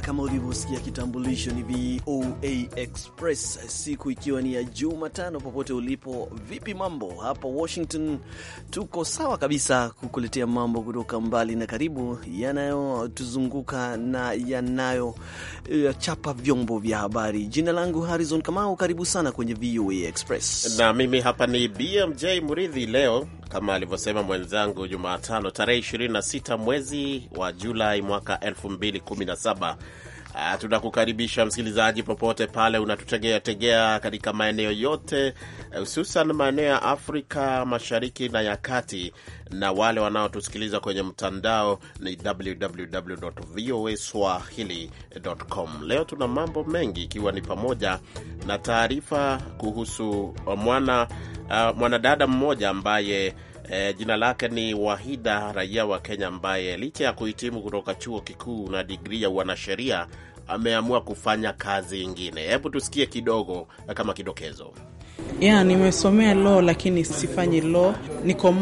kama ulivyosikia kitambulisho, ni VOA Express, siku ikiwa ni ya Jumatano. Popote ulipo, vipi mambo? Hapa Washington tuko sawa kabisa kukuletea mambo kutoka mbali na karibu, yanayotuzunguka na yanayochapa eh, vyombo vya habari. Jina langu Harrison Kamau, karibu sana kwenye VOA Express na mimi hapa ni BMJ Muridhi. Leo kama alivyosema mwenzangu Jumatano tarehe 26 mwezi wa Julai mwaka 2017 Uh, tunakukaribisha msikilizaji popote pale unatutegea tegea katika maeneo yote eh, hususan uh, maeneo ya Afrika Mashariki na ya Kati, na wale wanaotusikiliza kwenye mtandao ni www.voaswahili.com. Leo tuna mambo mengi, ikiwa ni pamoja na taarifa kuhusu eh, mwana uh, mwanadada mmoja ambaye E, jina lake ni Wahida, raia wa Kenya ambaye licha ya kuhitimu kutoka chuo kikuu na digrii ya wanasheria ameamua kufanya kazi ingine. Hebu tusikie kidogo kama kidokezo. Yeah, nimesomea law lakini sifanyi law, niko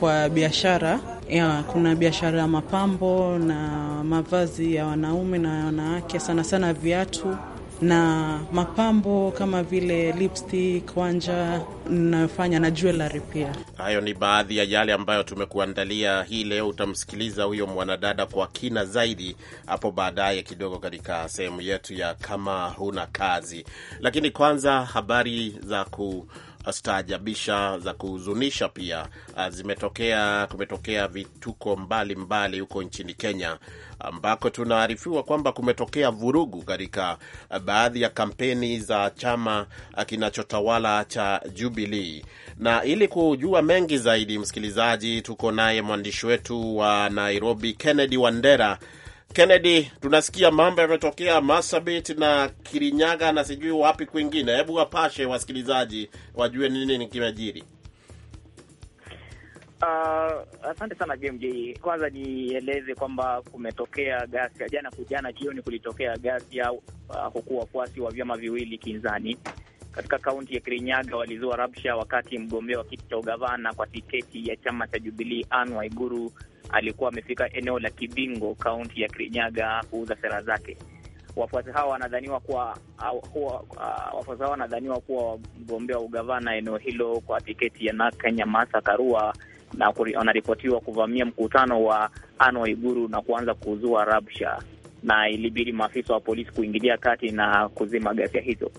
kwa biashara. Yeah, kuna biashara ya mapambo na mavazi ya wanaume na wanawake, sana sana viatu na mapambo kama vile lipstick, wanja nafanya na jewelry pia. Hayo ni baadhi ya yale ambayo tumekuandalia hii leo. Utamsikiliza huyo mwanadada kwa kina zaidi hapo baadaye kidogo katika sehemu yetu ya kama huna kazi, lakini kwanza habari za ku staajabisha za kuhuzunisha pia uh, zimetokea. Kumetokea vituko mbalimbali huko mbali nchini Kenya, ambako tunaarifiwa kwamba kumetokea vurugu katika uh, baadhi ya kampeni za chama uh, kinachotawala cha Jubilee. Na ili kujua mengi zaidi, msikilizaji, tuko naye mwandishi wetu wa Nairobi Kennedy Wandera Kennedy, tunasikia mambo yametokea Masabit na Kirinyaga na sijui wapi kwingine. Hebu wapashe wasikilizaji wajue nini kimejiri. Uh, asante sana BMJ. Kwanza nieleze kwamba kumetokea ghasia jana, kujana jioni kulitokea ghasia uh, huku wafuasi wa vyama viwili kinzani katika kaunti ya Kirinyaga walizua rabsha wakati mgombea wa kiti cha ugavana kwa tiketi ya chama cha jubilii Anne Waiguru alikuwa amefika eneo la Kibingo, kaunti ya Kirinyaga kuuza sera zake. Wafuasi hawa wanadhaniwa kuwa uh, wafuasi hawa wanadhaniwa kuwa wagombea wa ugavana eneo hilo kwa tiketi ya Nakenya Martha Karua, na wanaripotiwa kuvamia mkutano wa Anne Waiguru na kuanza kuzua rabsha, na ilibidi maafisa wa polisi kuingilia kati na kuzima ghasia hizo.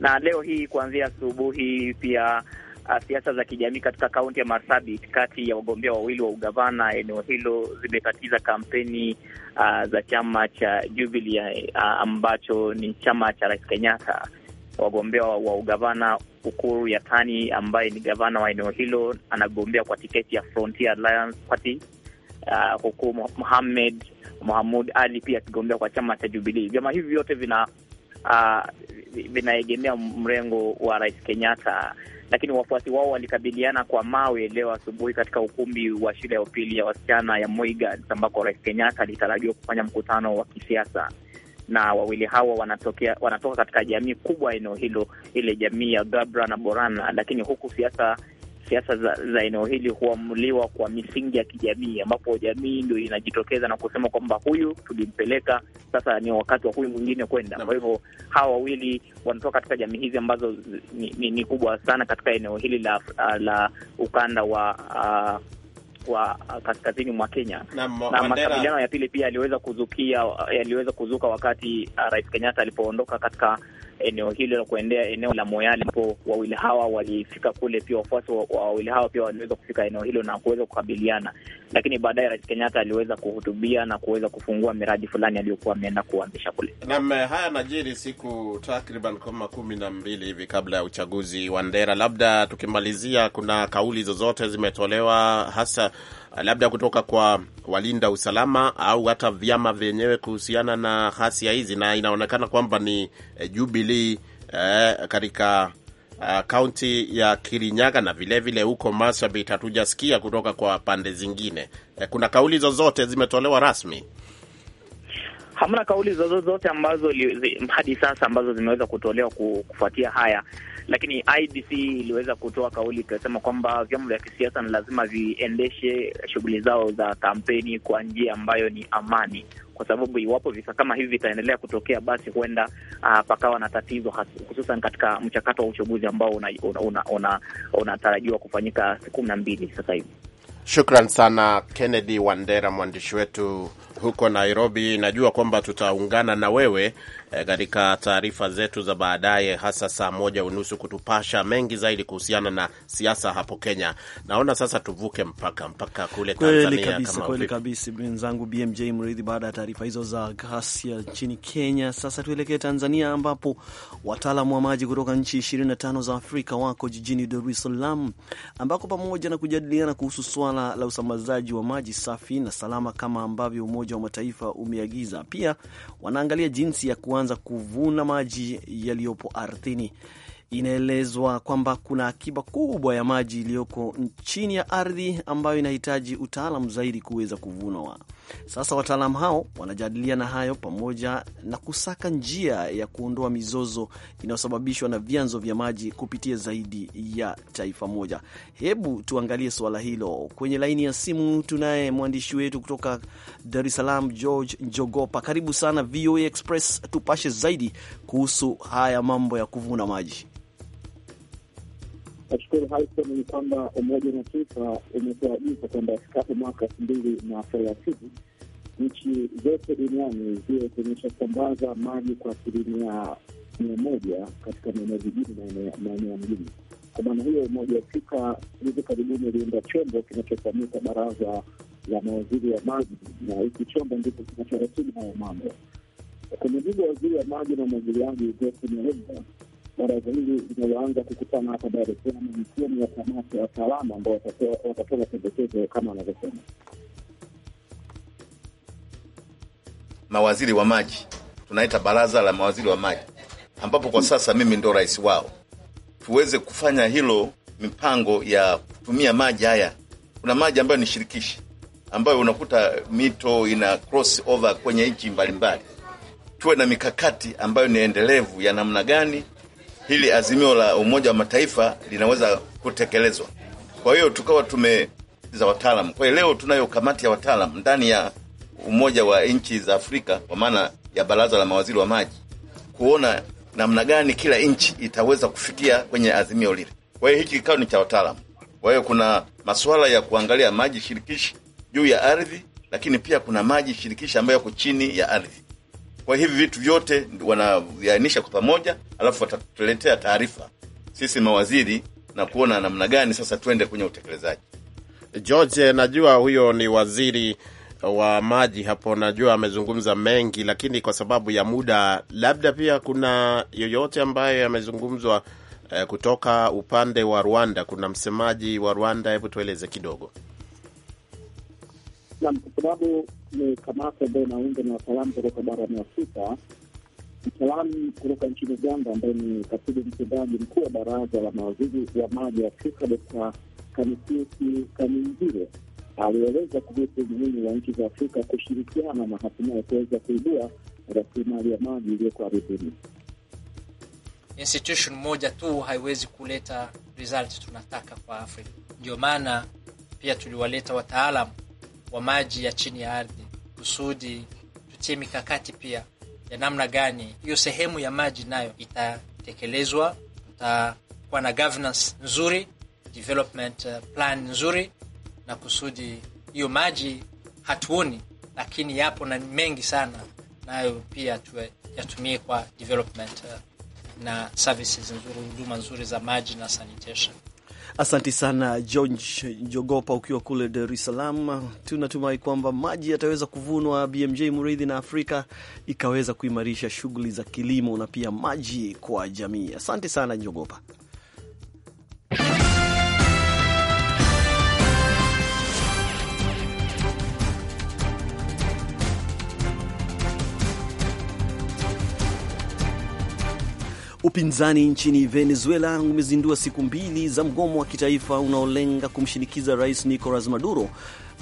Na leo hii kuanzia asubuhi pia Uh, siasa za kijamii katika kaunti ya Marsabit kati ya wagombea wawili wa ugavana eneo hilo zimekatiza kampeni uh, za chama cha Jubilee uh, ambacho ni chama cha Rais Kenyatta. Wagombea wa ugavana Ukuru Yatani ambaye ni gavana wa eneo hilo anagombea kwa tiketi ya Frontier Alliance Party uh, huku Mohamed Mohamud Ali pia akigombea kwa chama cha Jubilee. Vyama hivi vyote vina uh, vinaegemea mrengo wa Rais Kenyatta, lakini wafuasi wao walikabiliana kwa mawe leo asubuhi katika ukumbi wa shule ya upili ya wasichana ya Muiga ambako Rais Kenyatta alitarajiwa kufanya mkutano wa kisiasa na wawili hawa wanatokea wanatoka katika jamii kubwa eneo hilo, ile jamii ya Gabra na Borana, lakini huku siasa siasa za eneo hili huamuliwa kwa misingi ya kijamii, ambapo jamii ndio inajitokeza na kusema kwamba huyu tulimpeleka, sasa ni wakati wa huyu mwingine kwenda. Kwa hivyo hawa wawili wanatoka katika jamii hizi ambazo ni, ni, ni kubwa sana katika eneo hili la, la ukanda wa uh, wa kaskazini mwa Kenya na, na makabiliano ya pili pia yaliweza kuzukia yaliweza kuzuka wakati uh, Rais Kenyatta alipoondoka katika eneo hilo kuendea eneo la Moyale, ambapo wawili hawa walifika kule. Pia wafuasi wa wawili hawa pia waliweza kufika eneo hilo na kuweza kukabiliana, lakini baadaye Rais Kenyatta aliweza kuhutubia na kuweza kufungua miradi fulani aliyokuwa ameenda kuanzisha kule. Naam, haya najiri siku takriban kama kumi na mbili hivi kabla ya uchaguzi wa Ndera. Labda tukimalizia, kuna kauli zozote zimetolewa hasa labda kutoka kwa walinda usalama au hata vyama vyenyewe kuhusiana na ghasia hizi, na inaonekana kwamba ni eh, Jubilee eh, katika eh, kaunti uh, ya Kirinyaga na vilevile huko vile Marsabit hatujasikia kutoka kwa pande zingine. Eh, kuna kauli zozote zimetolewa rasmi? hamna kauli zozote ambazo li, hadi sasa ambazo zimeweza kutolewa kufuatia haya, lakini IBC iliweza kutoa kauli ikasema kwamba vyama vya kisiasa ni lazima viendeshe shughuli zao za kampeni kwa njia ambayo ni amani, kwa sababu iwapo visa kama hivi vitaendelea kutokea, basi huenda uh, pakawa na tatizo hususan katika mchakato wa uchaguzi ambao unatarajiwa una, una, una kufanyika siku kumi na mbili sasa hivi. Shukran sana Kennedy Wandera, mwandishi wetu huko Nairobi. Najua kwamba tutaungana na wewe Eh, katika taarifa zetu za baadaye, hasa saa moja unusu kutupasha mengi zaidi kuhusiana na siasa hapo Kenya. Naona sasa tuvuke mpaka mpaka kule Tanzania. Kweli kabisa, kweli kabisa mwenzangu BMJ Mridhi. Baada ya taarifa hizo za ghasia nchini Kenya, sasa tuelekee Tanzania ambapo wataalamu wa maji kutoka nchi 25 za Afrika wako jijini Dar es Salaam ambako pamoja na kujadiliana kuhusu swala la usambazaji wa maji safi na salama kama ambavyo Umoja wa Mataifa umeagiza, pia wanaangalia jinsi ya kuwa kuanza kuvuna maji yaliyopo ardhini. Inaelezwa kwamba kuna akiba kubwa ya maji iliyoko chini ya ardhi ambayo inahitaji utaalam zaidi kuweza kuvunwa. Sasa wataalamu hao wanajadiliana hayo pamoja na kusaka njia ya kuondoa mizozo inayosababishwa na vyanzo vya maji kupitia zaidi ya taifa moja. Hebu tuangalie suala hilo. Kwenye laini ya simu tunaye mwandishi wetu kutoka Dar es Salaam, George Njogopa. Karibu sana VOA Express, tupashe zaidi kuhusu haya mambo ya kuvuna maji. Nashukuru Harison, ni kwamba Umoja wa Mataifa umetuagiza kwamba ifikapo mwaka elfu mbili na thelathini nchi zote duniani ziwe zimeshasambaza maji kwa asilimia mia moja katika maeneo vijijini na maeneo ya mjini. Kwa maana hiyo, Umoja wa Afrika hivi karibuni uliunda chombo kinachofanyika Baraza la Mawaziri ya Maji, na hiki chombo ndipo kinachoratibu hayo mambo. Kwa mujibu wa waziri wa maji na umwagiliaji Johnson Ulenga baraza hili linaloanza kukutana hapa Dar es Salaam mikiwemo ya kamati ya wataalamu ambao watatoa pendekezo kama wanavyosema mawaziri wa maji, tunaita baraza la mawaziri wa maji, ambapo kwa sasa mimi ndo rais wao, tuweze kufanya hilo mipango ya kutumia maji haya. Kuna maji ambayo ni shirikishi, ambayo unakuta mito ina cross over kwenye nchi mbalimbali. Tuwe na mikakati ambayo ni endelevu ya namna gani hili azimio la Umoja wa Mataifa linaweza kutekelezwa. Kwa hiyo tukawa tume za wataalamu. Kwa hiyo leo tunayo kamati ya wataalamu ndani ya Umoja wa Nchi za Afrika kwa maana ya Baraza la Mawaziri wa Maji, kuona namna gani kila nchi itaweza kufikia kwenye azimio lile. Kwa hiyo hiki kikao ni cha wataalamu. Kwa hiyo kuna masuala ya kuangalia maji shirikishi juu ya ardhi, lakini pia kuna maji shirikishi ambayo yako chini ya ardhi. Kwa hivi vitu vyote wanaviainisha kwa pamoja, alafu watatuletea taarifa sisi mawaziri na kuona namna gani sasa tuende kwenye utekelezaji. George, najua huyo ni waziri wa maji hapo, najua amezungumza mengi, lakini kwa sababu ya muda, labda pia kuna yoyote ambayo yamezungumzwa eh, kutoka upande wa Rwanda. Kuna msemaji wa Rwanda, hebu tueleze kidogo. Naam, kwa sababu ni kamati ambayo inaundwa na wataalamu kutoka barani Afrika. Mtaalamu kutoka nchini Uganda ambaye ni katibu mtendaji mkuu wa baraza la mawaziri wa maji Afrika, Dkt Kanikesi Kaminjire alieleza kuhusu umuhimu wa nchi za Afrika kushirikiana na hatimaye kuweza kuibua rasilimali ya maji iliyoko ardhini. Institution moja tu haiwezi kuleta result tunataka kwa Afrika, ndio maana pia tuliwaleta wataalamu wa maji ya chini ya ardhi, kusudi tutie mikakati pia ya namna gani hiyo sehemu ya maji nayo itatekelezwa. Tutakuwa na governance nzuri, development uh, plan nzuri, na kusudi hiyo maji hatuoni, lakini yapo na mengi sana, nayo pia tuwe yatumie kwa development uh, na services nzuri, huduma nzuri za maji na sanitation. Asanti sana George Jogopa, ukiwa kule Dar es Salaam. Tunatumai kwamba maji yataweza kuvunwa BMJ Mridhi na Afrika ikaweza kuimarisha shughuli za kilimo na pia maji kwa jamii. Asante sana Jogopa. upinzani nchini Venezuela umezindua siku mbili za mgomo wa kitaifa unaolenga kumshinikiza Rais Nicolas Maduro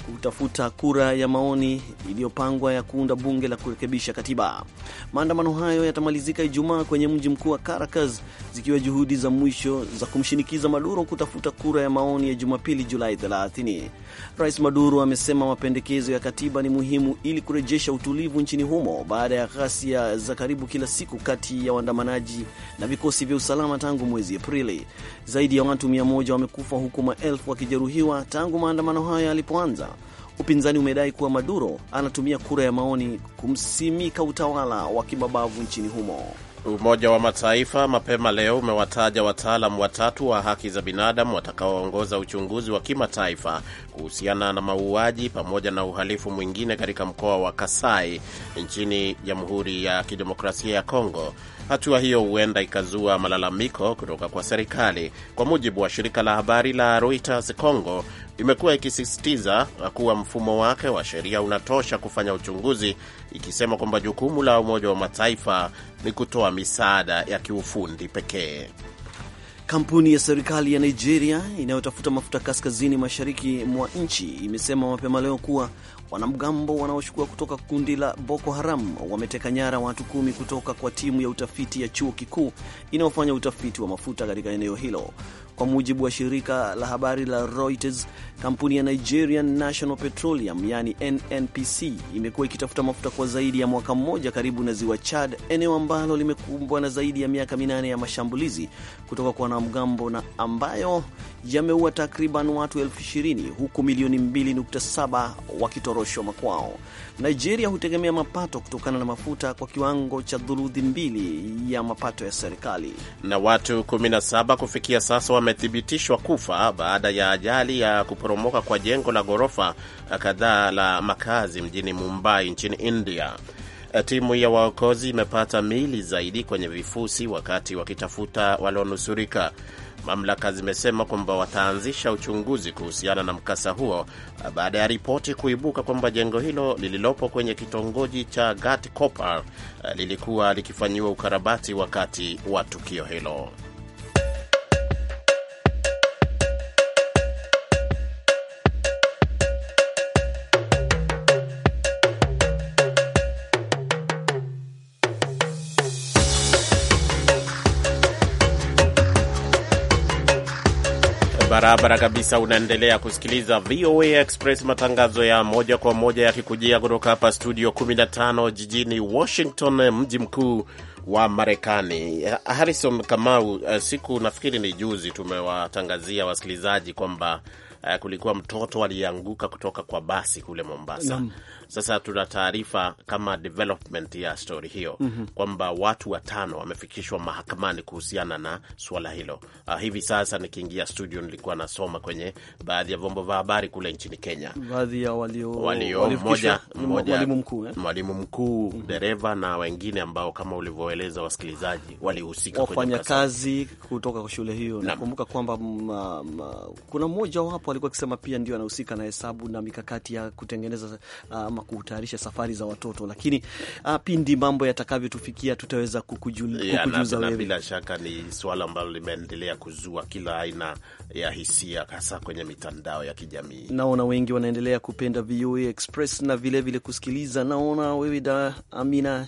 kutafuta kura ya maoni iliyopangwa ya kuunda bunge la kurekebisha katiba. Maandamano hayo yatamalizika Ijumaa kwenye mji mkuu wa Caracas, zikiwa juhudi za mwisho za kumshinikiza Maduro kutafuta kura ya maoni ya Jumapili, Julai 30. Rais Maduro amesema mapendekezo ya katiba ni muhimu ili kurejesha utulivu nchini humo baada ya ghasia za karibu kila siku kati ya waandamanaji na vikosi vya usalama tangu mwezi Aprili. Zaidi ya watu 100 wamekufa huku maelfu wakijeruhiwa tangu maandamano hayo yalipoanza kwanza. Upinzani umedai kuwa Maduro anatumia kura ya maoni kumsimika utawala wa kimabavu nchini humo. Umoja wa Mataifa mapema leo umewataja wataalam watatu wa haki za binadamu watakaoongoza uchunguzi wa kimataifa kuhusiana na mauaji pamoja na uhalifu mwingine katika mkoa wa Kasai nchini Jamhuri ya Kidemokrasia ya Kongo Hatua hiyo huenda ikazua malalamiko kutoka kwa serikali. Kwa mujibu wa shirika la habari la Reuters, Congo imekuwa ikisisitiza kuwa mfumo wake wa sheria unatosha kufanya uchunguzi, ikisema kwamba jukumu la Umoja wa Mataifa ni kutoa misaada ya kiufundi pekee. Kampuni ya serikali ya Nigeria inayotafuta mafuta kaskazini mashariki mwa nchi imesema mapema leo kuwa Wanamgambo wanaoshukua kutoka kundi la Boko Haram wameteka nyara watu kumi kutoka kwa timu ya utafiti ya chuo kikuu inayofanya utafiti wa mafuta katika eneo hilo. Kwa mujibu wa shirika la habari la Reuters, kampuni ya Nigerian National Petroleum yani NNPC imekuwa ikitafuta mafuta kwa zaidi ya mwaka mmoja karibu na ziwa Chad, eneo ambalo limekumbwa na zaidi ya miaka minane ya mashambulizi kutoka kwa wanamgambo na ambayo yameua takriban watu elfu ishirini huku milioni 2.7 wakitoroshwa makwao. Nigeria hutegemea mapato kutokana na mafuta kwa kiwango cha dhuluthi mbili ya mapato ya serikali. Na watu 17 kufikia sasa wamethibitishwa kufa baada ya ajali ya kuporomoka kwa jengo la ghorofa kadhaa la makazi mjini Mumbai nchini India. Timu ya waokozi imepata miili zaidi kwenye vifusi wakati wakitafuta walionusurika. Mamlaka zimesema kwamba wataanzisha uchunguzi kuhusiana na mkasa huo baada ya ripoti kuibuka kwamba jengo hilo lililopo kwenye kitongoji cha Ghat eh, lilikuwa likifanyiwa ukarabati wakati wa tukio hilo. barabara kabisa. Unaendelea kusikiliza VOA Express, matangazo ya moja kwa moja yakikujia kutoka hapa studio 15 jijini Washington, mji mkuu wa Marekani. Harrison Kamau, eh, siku nafikiri ni juzi tumewatangazia wasikilizaji kwamba eh, kulikuwa mtoto aliyeanguka kutoka kwa basi kule Mombasa. Sasa tuna taarifa kama development ya stori hiyo mm -hmm. kwamba watu watano wamefikishwa mahakamani kuhusiana na suala hilo. Uh, hivi sasa nikiingia studio nilikuwa nasoma kwenye baadhi ya vyombo vya habari kule nchini Kenya, baadhi ya walio, walio mmoja mwalimu mkuu, eh? mwalimu mkuu mm -hmm. dereva na wengine ambao kama ulivyoeleza wasikilizaji walihusika kwenye kazi kutoka shule hiyo. Nakumbuka kwamba kuna mmoja wapo alikuwa akisema pia ndio anahusika na hesabu na mikakati ya kutengeneza um, ama kutayarisha safari za watoto, lakini ah, pindi mambo yatakavyotufikia tutaweza kukujuza wewe. Bila shaka ni suala ambalo limeendelea kuzua kila aina ya hisia, hasa kwenye mitandao ya kijamii. Naona wengi wanaendelea kupenda VOA Express na vilevile vile kusikiliza. Naona wewe da Amina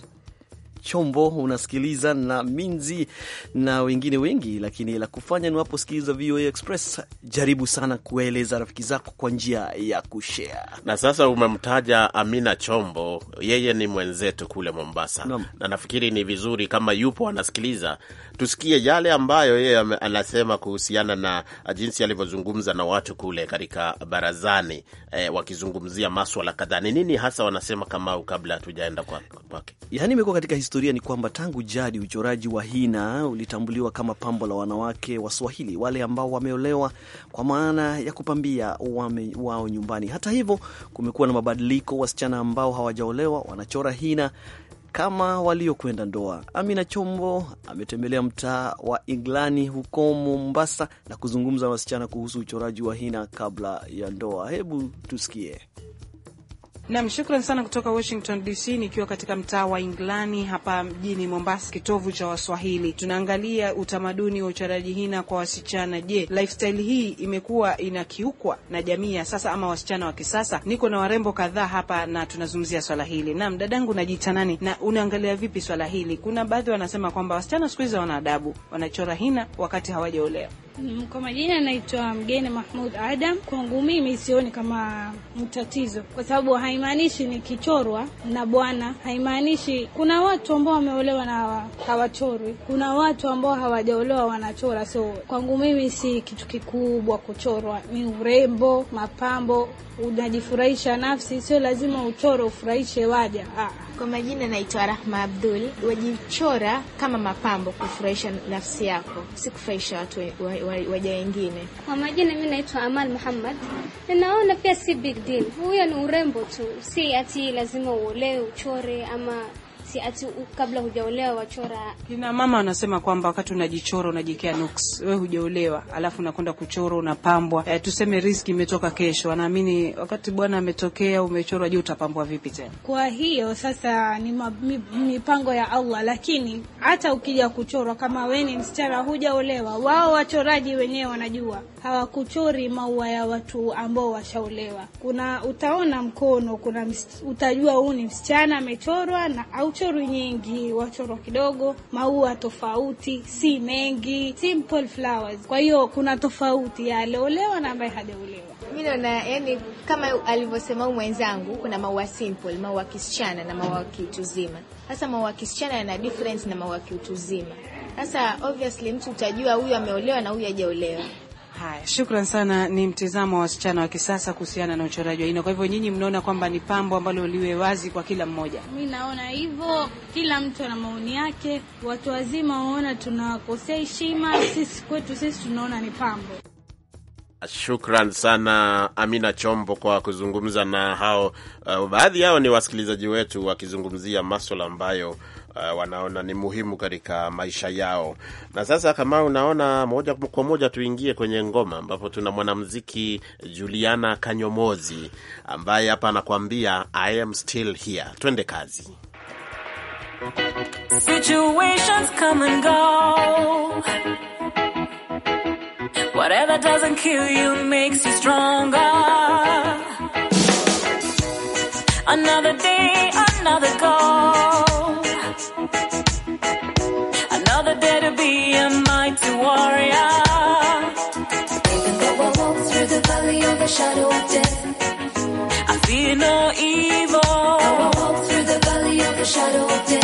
chombo unasikiliza na Minzi na wengine wengi, lakini la kufanya ni waposikiliza VOA Express, jaribu sana kueleza rafiki zako kwa njia ya kushare. Na sasa umemtaja Amina Chombo, yeye ni mwenzetu kule Mombasa no. na nafikiri ni vizuri kama yupo anasikiliza, tusikie yale ambayo yeye anasema kuhusiana na jinsi alivyozungumza na watu kule katika barazani eh, wakizungumzia maswala kadhaa. Ni nini hasa wanasema Kamau, kabla hatujaenda kwake kwa yani historia ni kwamba tangu jadi uchoraji wa hina ulitambuliwa kama pambo la wanawake Waswahili, wale ambao wameolewa kwa maana ya kupambia wame wao nyumbani. Hata hivyo, kumekuwa na mabadiliko, wasichana ambao hawajaolewa wanachora hina kama waliokwenda ndoa. Amina Chombo ametembelea mtaa wa inglani huko Mombasa na kuzungumza na wasichana kuhusu uchoraji wa hina kabla ya ndoa. Hebu tusikie. Nam, shukran sana kutoka Washington DC, nikiwa katika mtaa wa Inglani hapa mjini Mombasa, kitovu cha Waswahili. Tunaangalia utamaduni wa uchoraji hina kwa wasichana. Je, lifestyle hii imekuwa inakiukwa na jamii ya sasa ama wasichana wa kisasa? Niko na warembo kadhaa hapa na tunazungumzia swala hili. Nam, dadangu, unajiita nani na unaangalia vipi swala hili? Kuna baadhi wanasema kwamba wasichana siku hizi wana adabu, wanachora hina wakati hawajaolewa. Mm, kwa majina naitwa Mgeni Mahmud Adam. Kwangu mimi sioni kama mtatizo kwa sababu hai haimaanishi nikichorwa na bwana, haimaanishi. Kuna watu ambao wameolewa na hawachorwi, kuna watu ambao hawajaolewa wanachora. So kwangu mimi si kitu kikubwa kuchorwa, ni urembo, mapambo, unajifurahisha nafsi. Sio lazima uchoro ufurahishe waja. Ah. Kwa majina naitwa Rahma Abdul. Wajichora kama mapambo kufurahisha nafsi yako, si kufurahisha watu waja wengine. Kwa majina mi naitwa Amal Muhammad. Ninaona pia si big deal, huyo ni urembo tu si ati lazima uolee uchore ama si ati kabla hujaolewa wachora. Kina mama wanasema kwamba wakati unajichora unajikea nuks wewe hujaolewa alafu unakwenda kuchora unapambwa. E, tuseme riski imetoka kesho, anaamini wakati bwana ametokea umechorwa juu, utapambwa vipi tena? Kwa hiyo sasa ni mipango ya Allah, lakini hata ukija kuchorwa kama wewe ni msichana hujaolewa, wao wachoraji wenyewe wanajua hawakuchori maua ya watu ambao washaolewa. Kuna utaona mkono, kuna utajua huu ni msichana amechorwa na au choru nyingi, wachoro kidogo, maua tofauti, si mengi, simple flowers. Kwa hiyo kuna tofauti ya aliolewa na ambaye hajaolewa. Mimi naona yani, kama alivyosema huyu mwenzangu, kuna maua simple, maua kisichana na maua kiutuzima. Sasa maua kisichana yana difference na maua kiutuzima. Sasa obviously mtu utajua huyu ameolewa na huyu hajaolewa. Haya, shukran sana. Ni mtizamo wa wasichana wa kisasa kuhusiana na uchoraji wa hina. Kwa hivyo nyinyi mnaona kwamba ni pambo ambalo liwe wazi kwa kila mmoja? Mi naona hivyo, kila mtu ana maoni yake. Watu wazima waona tunawakosea heshima, sisi kwetu sisi tunaona ni pambo. Shukran sana Amina Chombo kwa kuzungumza na hao. Uh, baadhi yao ni wasikilizaji wetu wakizungumzia maswala ambayo uh, wanaona ni muhimu katika maisha yao. Na sasa kama unaona, moja kwa moja tuingie kwenye ngoma, ambapo tuna mwanamuziki Juliana Kanyomozi ambaye hapa anakuambia I am still here. Twende kazi. Situations come and go. Whatever doesn't kill you makes you stronger. Another day, another goal. Another day to be a mighty warrior. Even though I walk through the valley of the shadow of death, I fear no evil. Though I walk through the valley of the shadow of death.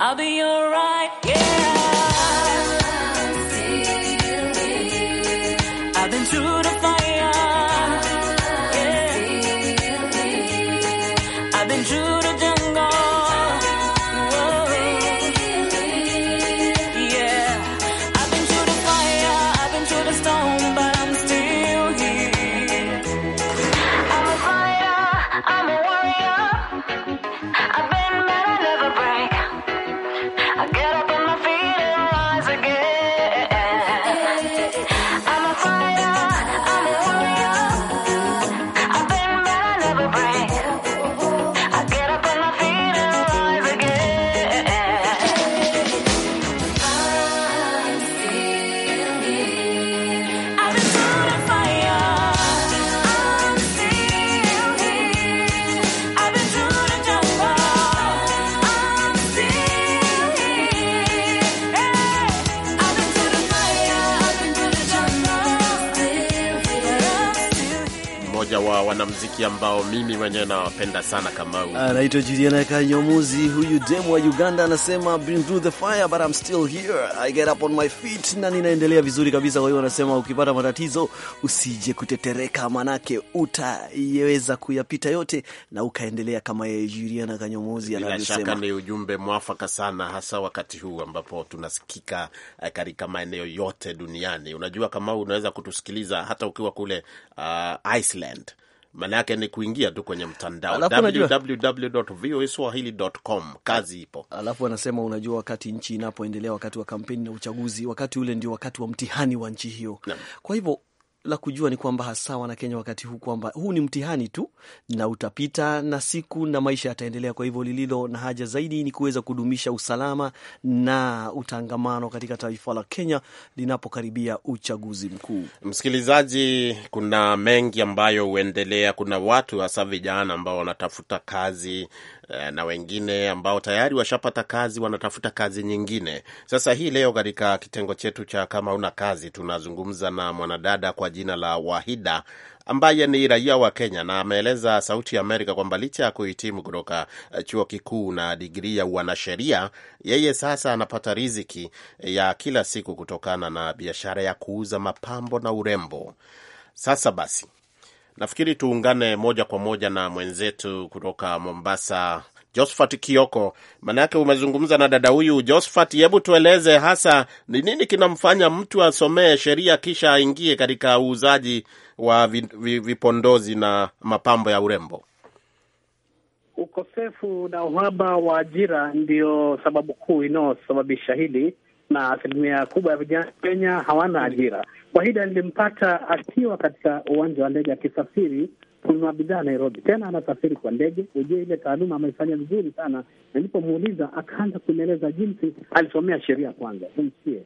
I'll be alright, yeah. wanamziki ambao mimi mwenyewe nawapenda sana kama huyu anaitwa Juliana Kanyomuzi. Huyu demu wa Uganda anasema been through the fire but I'm still here, I get up on my feet, na ninaendelea vizuri kabisa. Kwa hiyo anasema ukipata matatizo usije kutetereka, manake utaiweza kuyapita yote na ukaendelea kama yeye Juliana Kanyomuzi anavyosema. ni ujumbe mwafaka sana, hasa wakati huu ambapo tunasikika eh, katika maeneo yote duniani. Unajua kama unaweza kutusikiliza hata ukiwa kule uh, Iceland maana yake ni kuingia tu kwenye mtandao www.voaswahili.com. Kazi ipo. Alafu anasema unajua, wakati nchi inapoendelea, wakati wa kampeni na uchaguzi, wakati ule ndio wakati wa mtihani wa nchi hiyo. Kwa hivyo la kujua ni kwamba hasa Wanakenya wakati huu kwamba huu ni mtihani tu na utapita na siku na maisha yataendelea. Kwa hivyo lililo na haja zaidi ni kuweza kudumisha usalama na utangamano katika taifa la Kenya linapokaribia uchaguzi mkuu. Msikilizaji, kuna mengi ambayo huendelea. Kuna watu hasa vijana ambao wanatafuta kazi Eh, na wengine ambao tayari washapata kazi wanatafuta kazi nyingine. Sasa hii leo katika kitengo chetu cha kama una kazi, tunazungumza na mwanadada kwa jina la Wahida ambaye ni raia wa Kenya na ameeleza Sauti ya Amerika kwamba licha ya kuhitimu kutoka eh, chuo kikuu na digrii ya uanasheria, yeye sasa anapata riziki eh, ya kila siku kutokana na biashara ya kuuza mapambo na urembo. Sasa basi Nafikiri tuungane moja kwa moja na mwenzetu kutoka Mombasa, Josphat Kioko, maanake umezungumza na dada huyu. Josphat, hebu tueleze hasa ni nini kinamfanya mtu asomee sheria kisha aingie katika uuzaji wa vipondozi na mapambo ya urembo? Ukosefu na uhaba wa ajira ndio sababu kuu inayosababisha hili na asilimia kubwa ya vijana Kenya hawana ajira. Wahida nilimpata akiwa katika uwanja wa ndege akisafiri kununua bidhaa Nairobi, tena anasafiri kwa ndege. Ujue ile taaluma ameifanya vizuri sana. Nilipomuuliza akaanza kunieleza jinsi alisomea sheria kwanza. Tumsikie.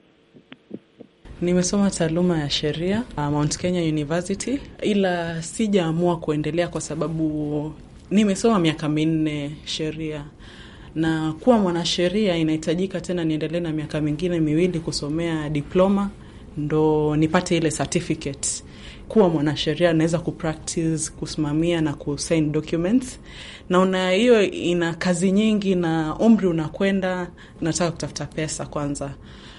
Nimesoma taaluma ya sheria uh, Mount Kenya University, ila sijaamua kuendelea kwa sababu nimesoma miaka minne sheria na kuwa mwanasheria inahitajika tena niendelee na miaka mingine miwili kusomea diploma ndo nipate ile certificate kuwa mwanasheria naweza kupractice kusimamia na kusign documents. Naona hiyo ina kazi nyingi na umri unakwenda, nataka kutafuta pesa kwanza.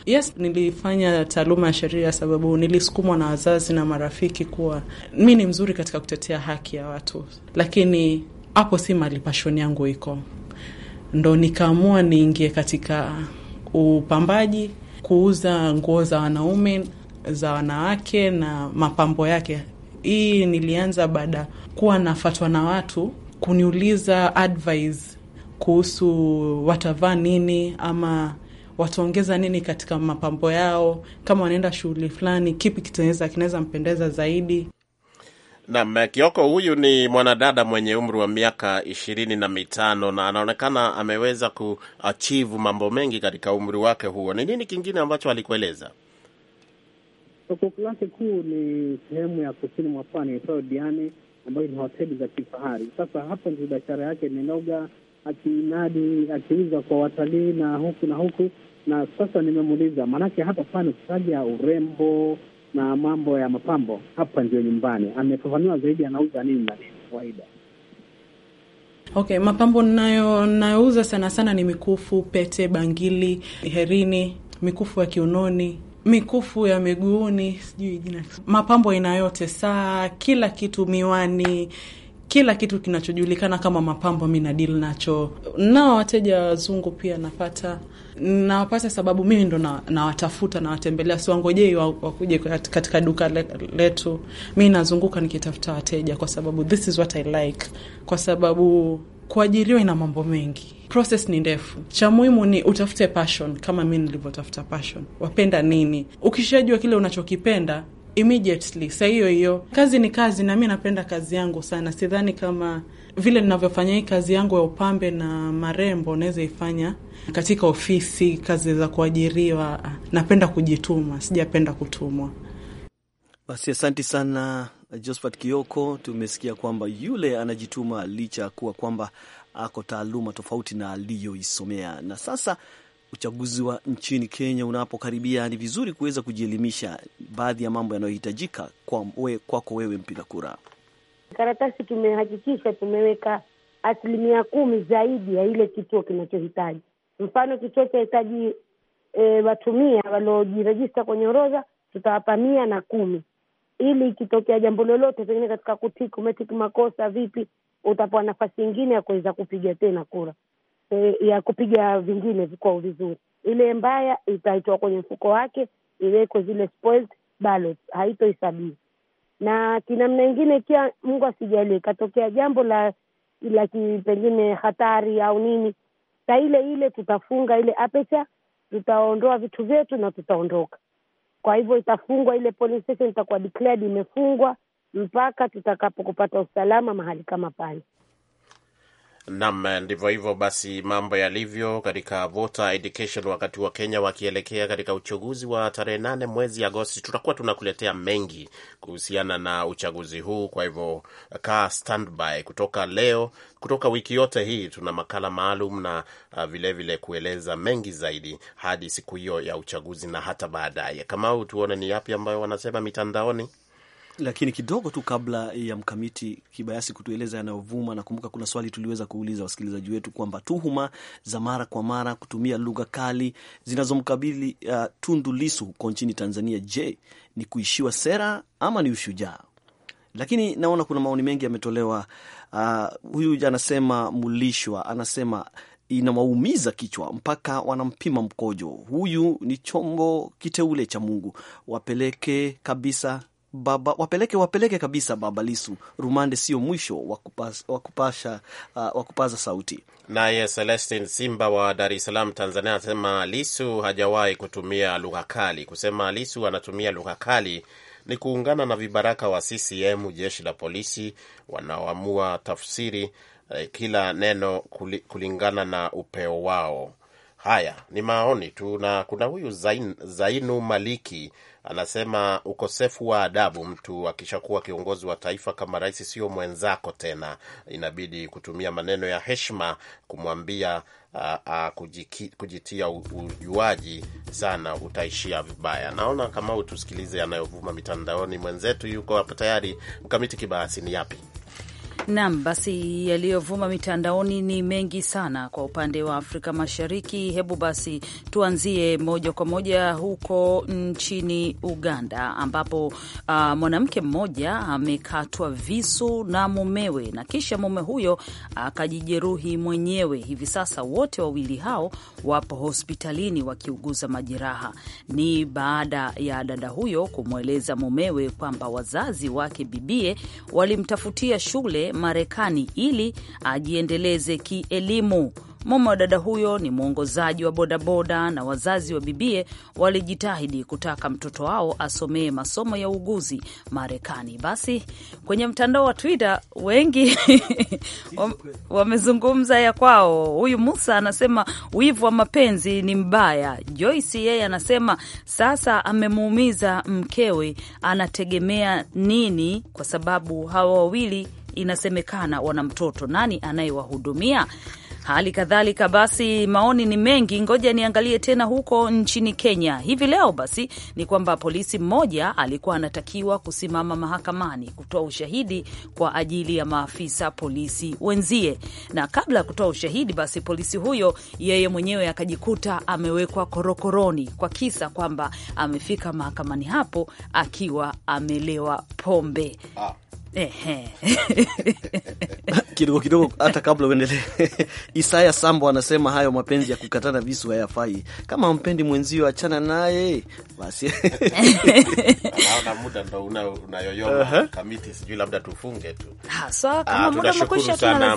Yes, nilifanya taaluma ya sheria sababu nilisukumwa na wazazi na marafiki kuwa mi ni mzuri katika kutetea haki ya watu, lakini hapo si mali pashoni yangu iko ndo nikaamua niingie katika upambaji, kuuza nguo za wanaume, za wanawake na mapambo yake. Hii nilianza baada kuwa nafatwa na watu kuniuliza advice kuhusu watavaa nini ama wataongeza nini katika mapambo yao, kama wanaenda shughuli fulani, kipi kitaweza kinaweza mpendeza zaidi nam Kioko huyu ni mwanadada mwenye umri wa miaka ishirini na mitano na anaonekana ameweza kuachivu mambo mengi katika umri wake huo. Ni nini kingine ambacho alikueleza? Soko lake kuu ni sehemu ya kusini mwa pwani itayo Diani, ambayo ni hoteli za kifahari. Sasa hapo ndio biashara yake imenoga, akinadi akiuza kwa watalii na huku na huku. Na sasa nimemuuliza, maanake hapa pale ukitaja urembo na mambo ya mapambo hapa ndio nyumbani. Amefafanua zaidi, anauza nini na nini kawaida. Okay, mapambo nayo nayouza sana sana ni mikufu, pete, bangili, herini, mikufu ya kiunoni mikufu ya miguuni, sijui jina, mapambo inayote yote, saa, kila kitu, miwani kila kitu kinachojulikana kama mapambo mi na deal nacho. Nao wateja wazungu pia napata nawapata, sababu mimi ndo nawatafuta na nawatembelea, siwangojei wakuje katika duka letu. Mi nazunguka nikitafuta wateja, kwa sababu this is what I like, kwa sababu kuajiriwa ina mambo mengi, proses ni ndefu. Cha muhimu ni utafute passion, kama mi nilivyotafuta passion. Wapenda nini? Ukishajua kile unachokipenda immediately saa hiyo hiyo. Kazi ni kazi, na mi napenda kazi yangu sana. Sidhani kama vile ninavyofanya hii kazi yangu ya upambe na marembo naweza ifanya katika ofisi, kazi za kuajiriwa. Napenda kujituma, sijapenda kutumwa. Basi asanti sana Josphat Kioko. Tumesikia kwamba yule anajituma licha ya kuwa kwamba ako taaluma tofauti na aliyoisomea. Na sasa uchaguzi wa nchini Kenya unapokaribia, ni vizuri kuweza kujielimisha baadhi ya mambo yanayohitajika kwako we, kwa wewe mpiga kura. Karatasi tumehakikisha tumeweka asilimia kumi zaidi ya ile kituo kinachohitaji. Mfano kituo hitaji e, watu mia waliojirejista kwenye orodha, tutawapa mia na kumi ili ikitokea jambo lolote, pengine katika kutiki umetiki makosa vipi, utapewa nafasi ingine ya kuweza kupiga tena kura e, ya kupiga vingine kwa vizuri. Ile mbaya itaitoa kwenye mfuko wake iwekwe zile spoiled ballot, haitohesabiwa. Na kinamna ingine, ikiwa Mungu asijalie ikatokea jambo la la pengine hatari au nini, saa ile ile tutafunga ile aperture, tutaondoa vitu vyetu na tutaondoka. Kwa hivyo itafungwa ile polling station, itakuwa declared imefungwa mpaka tutakapo kupata usalama mahali kama pale. Nam, ndivyo hivyo basi mambo yalivyo katika voter education, wakati wa Kenya wakielekea katika uchaguzi wa tarehe nane mwezi Agosti. Tutakuwa tunakuletea mengi kuhusiana na uchaguzi huu, kwa hivyo kaa standby. Kutoka leo, kutoka wiki yote hii tuna makala maalum na vilevile uh, vile kueleza mengi zaidi hadi siku hiyo ya uchaguzi na hata baadaye. Kamau, tuone ni yapi ambayo wanasema mitandaoni. Lakini kidogo tu kabla ya mkamiti kibayasi kutueleza yanayovuma, nakumbuka kuna swali tuliweza kuuliza wasikilizaji wetu kwamba tuhuma za mara kwa mara kutumia lugha kali zinazomkabili uh, Tundu Lisu huko nchini Tanzania, je, ni kuishiwa sera ama ni ushujaa? Lakini naona kuna maoni mengi yametolewa. Uh, huyu anasema Mulishwa anasema inawaumiza kichwa mpaka wanampima mkojo. Huyu ni chombo kiteule cha Mungu, wapeleke kabisa baba, wapeleke wapeleke kabisa baba Lisu, rumande sio mwisho wa kupasha, wa uh, wa kupaza sauti. Naye Celestin Simba wa Dar es Salaam, Tanzania, anasema Lisu hajawahi kutumia lugha kali. Kusema Lisu anatumia lugha kali ni kuungana na vibaraka wa CCM, jeshi la polisi, wanaoamua tafsiri eh, kila neno kuli, kulingana na upeo wao. Haya ni maoni tu, na kuna huyu Zain, Zainu Maliki anasema ukosefu wa adabu, mtu akishakuwa kiongozi wa taifa kama rais, sio mwenzako tena, inabidi kutumia maneno ya heshima kumwambia A, a, kujiki, kujitia ujuaji sana utaishia vibaya. Naona kama utusikilize yanayovuma mitandaoni. Mwenzetu yuko hapa tayari. Mkamiti Kibayasi, ni yapi? Nam, basi yaliyovuma mitandaoni ni mengi sana kwa upande wa Afrika Mashariki. Hebu basi tuanzie moja kwa moja huko nchini Uganda, ambapo uh, mwanamke mmoja amekatwa visu na mumewe na kisha mume huyo akajijeruhi uh, mwenyewe. Hivi sasa wote wawili hao wapo hospitalini wakiuguza majeraha. Ni baada ya dada huyo kumweleza mumewe kwamba wazazi wake bibie walimtafutia shule Marekani ili ajiendeleze kielimu. Mume wa dada huyo ni mwongozaji wa bodaboda na wazazi wa bibie walijitahidi kutaka mtoto wao asomee masomo ya uuguzi Marekani. Basi kwenye mtandao wa Twitter wengi wamezungumza ya kwao. Huyu Musa anasema wivu wa mapenzi ni mbaya. Joyce yeye anasema sasa amemuumiza mkewe, anategemea nini? Kwa sababu hawa wawili inasemekana wana mtoto, nani anayewahudumia? Hali kadhalika basi, maoni ni mengi. Ngoja niangalie tena huko nchini Kenya hivi leo. Basi ni kwamba polisi mmoja alikuwa anatakiwa kusimama mahakamani kutoa ushahidi kwa ajili ya maafisa polisi wenzie, na kabla ya kutoa ushahidi, basi polisi huyo yeye mwenyewe akajikuta amewekwa korokoroni kwa kisa kwamba amefika mahakamani hapo akiwa amelewa pombe. Ah, Ehe. kidogo kidogo, hata kabla uendelee. Isaya Sambo anasema hayo mapenzi ya kukatana visu hayafai. Kama mpendi mwenzio, achana naye basi. Naona muda ndo unayoyoma sijui labda tufunge tu. Ah, sana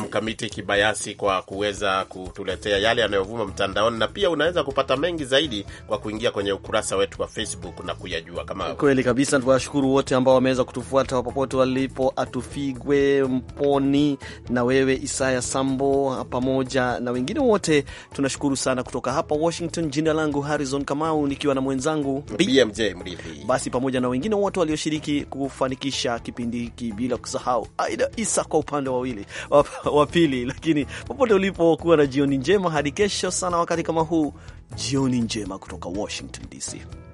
Mkamiti Kibayasi kwa kuweza kutuletea yale yanayovuma mtandaoni, na pia unaweza kupata mengi zaidi kwa kuingia kwenye ukurasa wetu wa Facebook na kuyajua kama kweli kabisa. Tuwashukuru wote ambao wameweza kutufuata popote walipo, atufigwe mponi na wewe Isaya Sambo pamoja na wengine wote. Tunashukuru sana kutoka hapa Washington. Jina langu Harrison Kamau nikiwa na mwenzangu BMJ Mridhi, basi pamoja na wengine wote walioshiriki kufanikisha kipindi hiki, bila kusahau Aida Isa kwa upande wa pili. Lakini popote ulipokuwa, na jioni njema hadi kesho sana wakati kama huu. Jioni njema kutoka Washington DC.